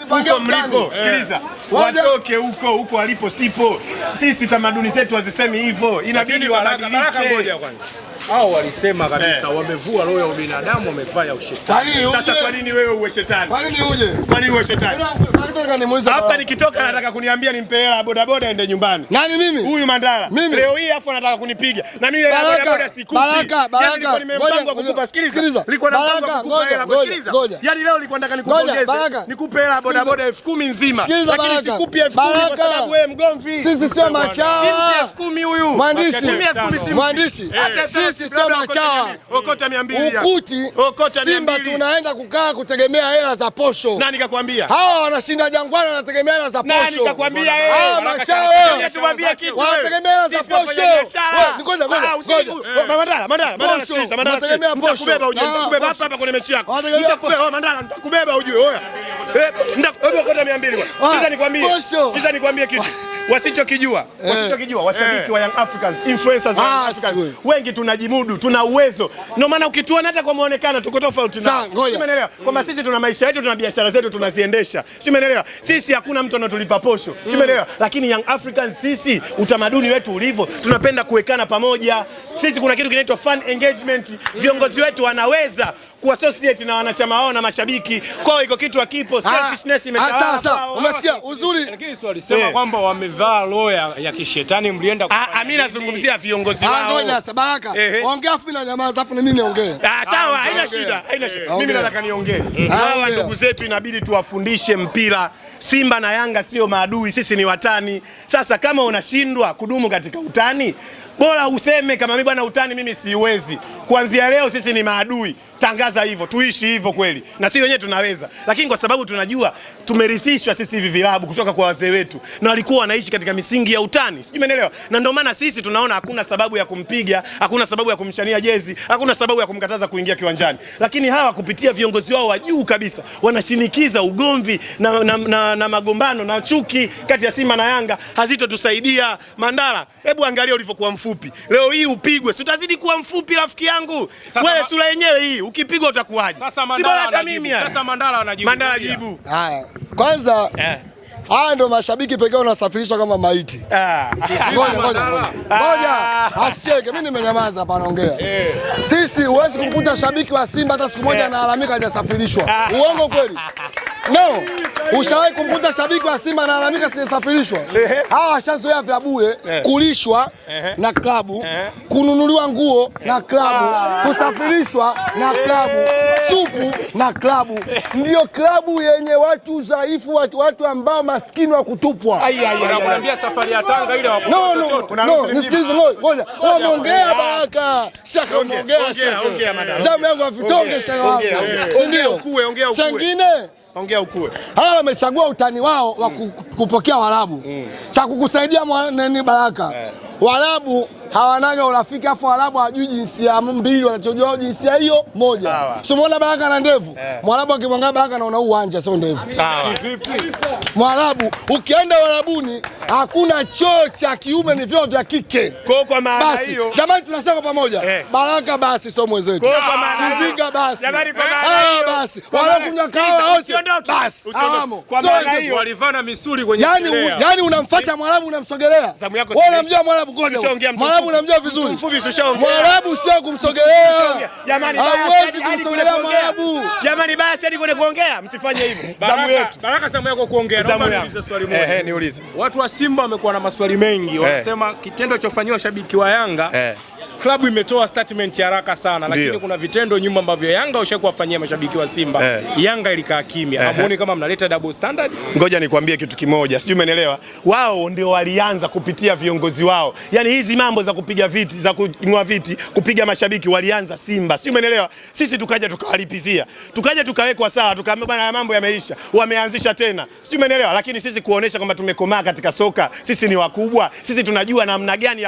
huko mliko, sikiliza, eh. watoke huko huko walipo sipo. Sisi tamaduni zetu hazisemi hivyo, inabidi wabadilike. Hao walisema kabisa, eh. wamevua roho ya binadamu wamevaya ushetani. Sasa kwa nini wewe uwe shetani? Kwa nini uje? Kwa nini uwe shetani? Hapa nikitoka eh. nataka kuniambia nimpe hela boda aende nyumbani. Nani mimi? Huyu Mandala. Leo hii afu anataka kunipiga. Na mimi hela boda sikupi. Baraka, yaani baraka. nilikuwa Nimepanga kukupa, sikiliza. Nilikuwa na kukupa hela, sikiliza. Yaani leo nilikuwa nataka nikupongeze. Nikupe hela na bodaboda elfu kumi nzima, lakini sikupi elfu kumi kwa sababu wewe mgomvi. Sisi sio machawa. Elfu kumi huyu mwandishi, mwandishi, sisi sio machawa. Okota ukuti. Okota Simba tunaenda kukaa kutegemea hela za posho. Nani kakwambia? Hawa wanashinda Jangwani wanategemea hela za posho. Nani kakwambia yeye? Hawa machawa kitu Wanategemea hela za posho. ngoja ngoja. Ah, eh, mandala, mandala, mandala. Wanategemea posho. ujue, hapa ah, hapa kwenye mechi yako. Nitakubeba oh, mandala, nitakubeba ujue. Oya. Eh, bado kota mia mbili sasa. Nikwambie sasa, nikwambie kitu wasichokijua eh. wasichokijua washabiki eh. wa Young Africans, influencers wa ah, Young Africans wengi tunajimudu, tuna uwezo. Ndio maana ukituona hata kwa muonekano tuko tofauti nao, umeelewa? Kwamba mm. sisi tuna maisha yetu, tuna biashara zetu tunaziendesha, umeelewa? Sisi hakuna mtu anatulipa posho, mm. umeelewa? Lakini Young Africans sisi utamaduni wetu ulivyo, tunapenda kuwekana pamoja. Sisi kuna kitu kinaitwa fan engagement, viongozi wetu wanaweza kuassociate na wanachama wao na mashabiki kwao, iko kitu akipo ah, selfishness imetawala. Ah, sasa ah, umesikia uzuri, lakini sio alisema eh. kwamba wamevaa roho ya kishetani, mlienda. Ah, Mimi nazungumzia viongozi wao. sabaka ongea afu na jamaa zafu na mimi niongee. Ah, sawa, haina shida, haina shida. Eh, mimi nataka niongee. Eh, Hawa ndugu zetu inabidi tuwafundishe mpira. Simba na Yanga sio maadui, sisi ni watani. Sasa kama unashindwa kudumu katika utani, bora useme kama mimi bwana, utani mimi siwezi kuanzia leo sisi ni maadui. Tangaza hivyo, tuishi hivyo kweli, na sisi wenyewe tunaweza, lakini kwa sababu tunajua tumerithishwa sisi hivi vilabu kutoka kwa wazee wetu, na walikuwa wanaishi katika misingi ya utani, sijui umeelewa. Na ndio maana sisi tunaona hakuna sababu ya kumpiga, hakuna sababu ya kumchania jezi, hakuna sababu ya kumkataza kuingia kiwanjani. Lakini hawa kupitia viongozi wao wa juu kabisa wanashinikiza ugomvi na, na, na, na magombano na chuki kati ya Simba na Yanga hazitotusaidia. Mandala, hebu angalia ulivyokuwa mfupi, leo hii upigwe, si utazidi kuwa mfupi rafiki yangu wangu wewe, sura yenyewe hii ukipigwa utakuwaje? Si bora hata mimi. Sasa Mandala anajibu. Mandala anajibu. Haya. Kwanza eh. Haya ndo mashabiki pekee wanasafirishwa kama maiti. Ah. Ngoja ah. asicheke, mimi nimenyamaza hapa naongea. Eh. Sisi huwezi kumkuta shabiki wa Simba hata siku moja eh. analalamika hajasafirishwa. Ah. Uongo kweli? No, ushawahi kumkuta shabiki wa Simba analalamika sijasafirishwa? Hawa washazoea vya bure, kulishwa na klabu, kununuliwa nguo na klabu, ah. kusafirishwa na klabu, supu na klabu. Ndiyo klabu yenye watu dhaifu, watu, watu ambao maskini wa kutupwa. safari ya Tanga No, no, no, nisikilize ngoja. Wameongea Baraka. Shaka ongea, ongea, Zamu yangu avitonge shaka Ndio. Ongea ukue, Ongea ukue. hawa wamechagua utani wao wa kupokea Waarabu. Mm. Cha kukusaidia mwanani Baraka. Eh. Waarabu hawanaga urafiki, afu Waarabu hawajui jinsia mbili, wanachojua jinsia hiyo moja. So umeona Baraka na ndevu, eh. Mwarabu akimwangalia Baraka anaona uwanja sio ndevu. Mwarabu ukienda Uarabuni hakuna choo cha kiume, ni vyoo vya kike. Kwa maana hiyo jamani, tunasema pamoja, eh. Baraka basi sio mwenzetu, Kizinga basi eh, basi, wanakunywa kawa wote basi. Yaani, yaani unamfuata Mwarabu, unamsogelea, wewe unamjua Mwarabu, ngoja Mwarabu namjua vizuri. Mwarabu sio kumsogelea, Jamani, hawezi kumsogelea Mwarabu. Jamani, basi hadi kwenye kuongea msifanye hivyo. Zamu yetu. Baraka, zamu yako kuongea. Naomba niulize swali moja. Ehe, niulize. Watu wa Simba wamekuwa na maswali mengi, eh. wanasema kitendo chofanywa shabiki wa Yanga eh klabu imetoa statement ya haraka sana lakini Dio. kuna vitendo nyuma ambavyo Yanga ushakuwafanyia mashabiki wa Simba eh. Yanga ilikaa kimya eh. Hamuoni kama mnaleta double standard? Ngoja nikwambie kitu kimoja, sijui umeelewa. Wao ndio walianza kupitia viongozi wao, yaani hizi mambo za kupiga viti za kunywa viti kupiga mashabiki walianza Simba, sijui umeelewa. Sisi tukaja tukawalipizia, tukaja tukawekwa sawa, tukaambia bwana, mambo yameisha, wameanzisha tena, sijui umeelewa. Lakini sisi kuonesha kwamba tumekomaa katika soka, sisi ni wakubwa, sisi tunajua namna gani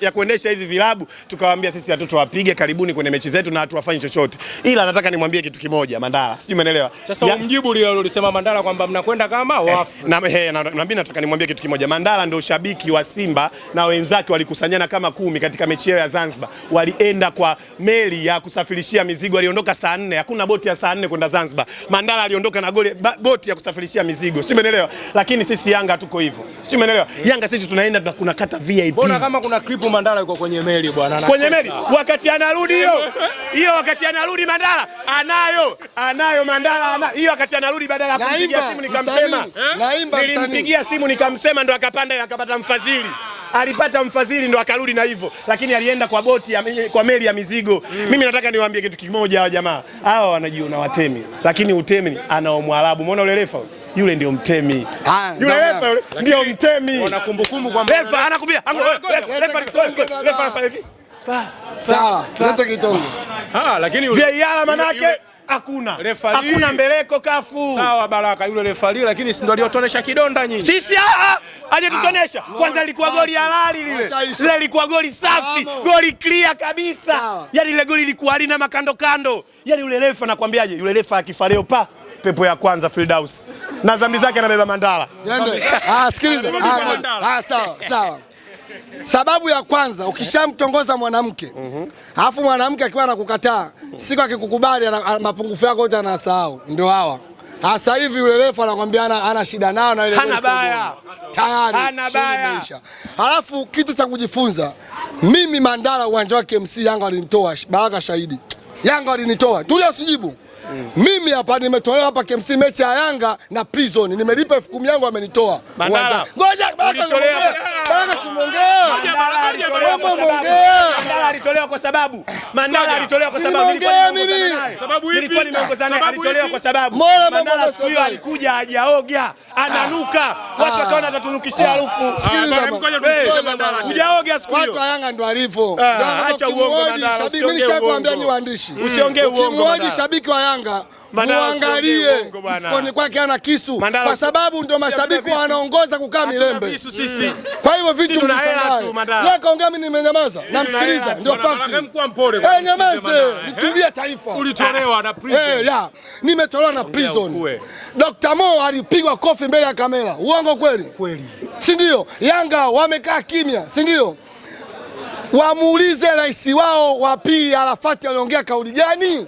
ya kuendesha hizi vilabu tukawaambia sisi hatuto wapige, karibuni kwenye mechi zetu na hatuwafanyi chochote, ila nataka nimwambie kitu kimoja Mandala, sijui umeelewa. Sasa ya... umjibu lile ulisema Mandala kwamba mnakwenda kama eh, wafu. eh, Na mimi nataka nimwambie kitu kimoja Mandala, ndio shabiki wa Simba na wenzake walikusanyana kama kumi katika mechi yao ya Zanzibar, walienda kwa meli ya kusafirishia mizigo, aliondoka saa nne. Hakuna boti ya saa nne kwenda Zanzibar. Mandala aliondoka na goli boti ya kusafirishia mizigo, sijui umeelewa. Lakini sisi Yanga tuko hivyo, sijui umeelewa. Yanga sisi tunaenda tunakata VIP. Mbona kama kuna clip Mandala yuko kwenye meli bwana kwenye meli, wakati anarudi hiyo hiyo, wakati anarudi Mandala anayo anayo Mandala hiyo, wakati anarudi badala ya kumpigia simu nikamsema, nilimpigia simu nikamsema, ndo akapanda akapata mfadhili alipata mfadhili ndo akarudi na hivyo, lakini alienda kwa boti ya, kwa meli ya mizigo mm. Mimi nataka niwaambie kitu kimoja, hawa jamaa hawa wanajiona watemi, lakini utemi anao Mwarabu. Umeona ule refa yule ndio mtemi yule refa yule ndio mtemi, wana kumbukumbu kwamba refa anakumbia refa refa refa sawa, kitonge. Ah, lakini VAR manake hakuna hakuna mbeleko kafu. Sawa Baraka, yule refari lakini si ndio aliyotonesha kidonda nyinyi? Sisi ah, ah, hajatutonesha ah, kwanza, ilikuwa goli halali lile lile, ilikuwa goli safi, goli clear kabisa. Yani ile goli ilikuwa halina makando kando. Yani yule refa nakwambiaje, yule refa akifa leo pa pepo ya kwanza Firdaus na zambi zake anabeba mandala. Ah, sikiliza. Ah, sawa sawa. Sababu ya kwanza ukishamtongoza mwanamke mhm. alafu mwanamke akiwa anakukataa, siku akikukubali mapungufu yako yote anasahau. Ndio hawa hasa hivi yule refu anakwambia ana shida nao na ile hana baya tayari. Alafu kitu cha kujifunza, mimi Mandala uwanja wa KMC Yanga alinitoa, Baraka shahidi, Yanga alinitoa, tulia mm. Mimi hapa nimetolewa hapa KMC mechi ya Yanga na Prison, nimelipa elfu kumi yangu amenitoa. Ngoja Mandala alitolewa kwa sababu Mandala alitolewa kwa sababu nilikuwa nimeongozana, alitolewa kwa sababu Mandala siku hiyo alikuja hajaoga, ananuka, ah. watu wakaona atatunukishia ah. harufu. Ah, Sikiliza Hujaoga siku hiyo, watu wa Yanga ndo alivyo. Acha uongo Mandala, mimi nishakwambia ni waandishi, usiongee uongo Mandala, shabiki wa Yanga muangalie mfukoni kwake ana kisu, kwa sababu ndio mashabiki wanaongoza kukaa milembe. Mm. Kwa hivyo vitu yeye kaongea, mimi nimenyamaza, namsikiliza, ndio fakti. Eh, nyamaze, nitubia eh? taifa. Ulitolewa na prison. Eh, nimetolewa na prison. Dr. Mo alipigwa kofi mbele ya kamera. Uongo kweli? Kweli. Si ndio? Yanga wamekaa kimya, si ndio? Wamuulize rais wao wa pili Arafati aliongea kauli gani?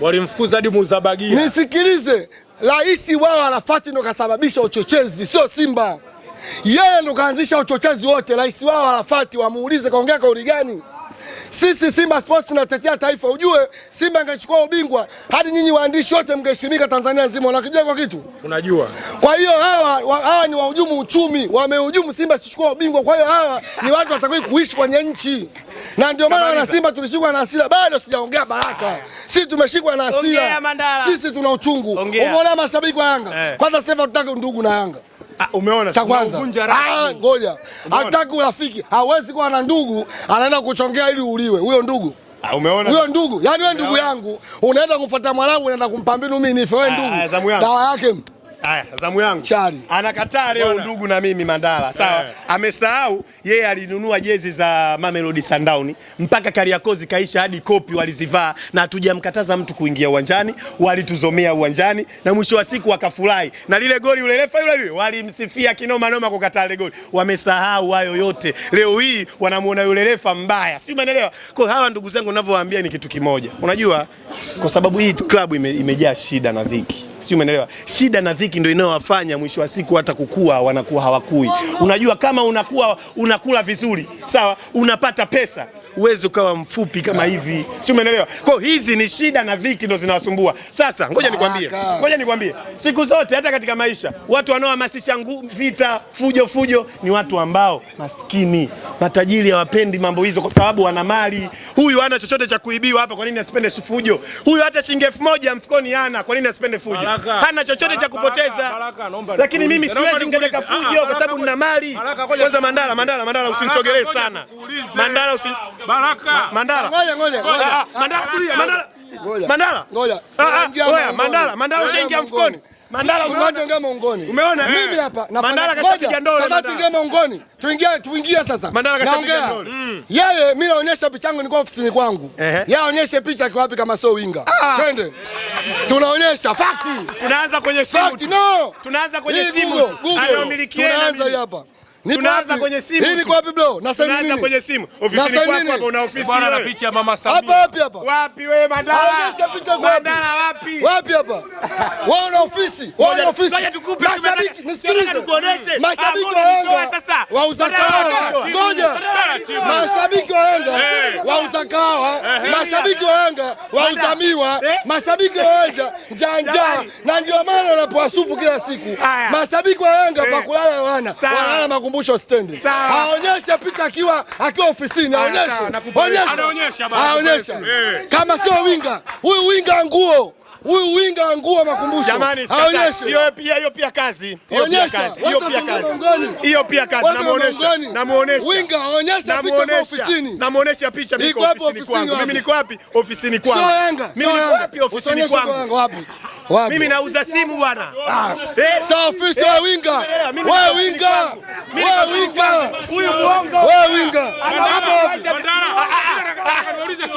walimfukuza hadi Muzabagia. Nisikilize, rais wao Arafati ndo kasababisha uchochezi, sio Simba. Yeye ndo kaanzisha uchochezi wote. Rais wao Arafati, wamuulize kaongea kauli gani? Sisi Simba Sports tunatetea taifa. Ujue Simba angechukua ubingwa, hadi nyinyi waandishi wote mngeheshimika Tanzania nzima. Unakijua kwa kitu, unajua. Kwa hiyo hawa hawa ni wahujumu uchumi, wamehujumu Simba sichukua ubingwa. Kwa hiyo hawa ni watu watakiwa kuishi kwenye nchi na ndio maana wanasimba tulishikwa na hasira. Bado sijaongea Baraka, ah. sisi tumeshikwa na hasira, sisi tuna uchungu. Umeona mashabiki wa Yanga eh. kwanza, sasa tutake ndugu na Yanga ah, Umeona cha kwanza, ah, ngoja hataki urafiki, hawezi kuwa na ndugu anaenda kuchongea ili uliwe huyo ndugu. umeona huyo ndugu, yani wewe ndugu yangu unaenda kumfuata mwanangu, unaenda kumpambia mimi nife wewe ndugu, dawa yake haya zamu yangu chari anakataa leo ndugu na mimi Mandala sawa, eh. amesahau yeye alinunua jezi za Mamelodi Sundowns mpaka Kariakoo zikaisha hadi kopi walizivaa, na hatujamkataza mtu kuingia uwanjani. Walituzomea uwanjani na mwisho wa siku wakafurahi, na lile goli yule refa yule yule walimsifia kinoma noma kukataa ile goli. Wamesahau hayo yote, leo hii wanamuona yule refa mbaya, si umeelewa? Kwa hawa ndugu zangu, ninavyowaambia ni kitu kimoja, unajua, kwa sababu hii klabu ime, imejaa shida na dhiki si umeelewa? Shida na dhiki ndio inayowafanya mwisho wa siku hata kukua wanakuwa hawakui. Unajua, kama unakuwa una unakula vizuri, sawa, unapata pesa huwezi ukawa mfupi kama hivi, si umeelewa? Kwa hizi ni shida na dhiki ndo zinawasumbua sasa. Ngoja nikwambie, ngoja nikwambie, siku zote hata katika maisha watu wanaohamasisha vita, fujo fujo ni watu ambao maskini. Matajiri hawapendi mambo hizo kwa sababu wana mali. Huyu hana chochote cha kuibiwa hapa, kwa nini asipende fujo? Huyu hata shilingi elfu moja mfukoni hana, kwa nini asipende fujo? Hana chochote cha kupoteza, lakini mimi siwezi ngeleka fujo kwa ah, sababu nina mali. Kwanza Mandala, Mandala, Mandala, usinisogelee sana Mandala, usin... Baraka. Mandala. Ngoja ngoja. Ah, ah, Mandala tulia. Mandala. Ngoja. Mandala. Ngoja. Ah, ngoja. Mandala, Mandala usiingia mfukoni. Mandala ngoja ngoja mongoni. Umeona? Mimi eh. hapa na Mandala kashapiga ndole. Sasa tuingie mongoni. Tuingia tuingia sasa. Mandala kashapiga ndole. Mm. Mm. Yeye mimi naonyesha picha yangu nilikuwa ofisini kwangu. Yeye aonyeshe picha kwa wapi kama sio winga. Twende. Tunaonyesha fact. Tunaanza kwenye simu. No. Tunaanza kwenye simu. Anaomilikia. Tunaanza hapa. Tunaanza kwenye simu. Hii ni kwa wapi bro? Na sasa nini? Tunaanza Kwenye simu. Ofisi ni kwako hapa una ofisi wewe. Bwana na picha ya Mama Samia. Hapa wapi hapa? Wapi wewe Mandala? Unaonyesha picha kwa wapi? Mandala wapi? Wapi hapa? Wewe una ofisi. Wewe una ofisi. Ngoja tukupe. Mashabiki, nisikilize. Tukuoneshe. Mashabiki waenda. Sasa. Wauza kahawa. Ngoja. Mashabiki waenda. Eh. Wauza kahawa. Eh, eh. Mashabiki waenda. Wauza miwa. Mashabiki waenda. Njanja. Na ndio maana wanapowasupu kila siku. Mashabiki waenda pa kulala wana. Wanalala makumbuko mwisho stendi. Aonyeshe picha akiwa akiwa ofisini, aonyeshe aonyeshe, eh. kama sio winga huyu, winga wa nguo huyu, winga wa nguo Makumbusho, jamani, aonyeshe hiyo pia, hiyo pia kazi, aonyesha hiyo pia kazi, hiyo pia kazi, namuonesha namuonesha winga, aonyesha picha kwa ofisini, namuonesha picha mimi kwa ofisini kwangu, mimi niko wapi ofisini kwangu, mimi niko wapi ofisini kwangu, wapi mimi nauza simu bwana. Sasa ah. eh. ofisa wa eh. winga. Wewe eh, winga. Wewe winga. Huyu mwongo. Wewe winga.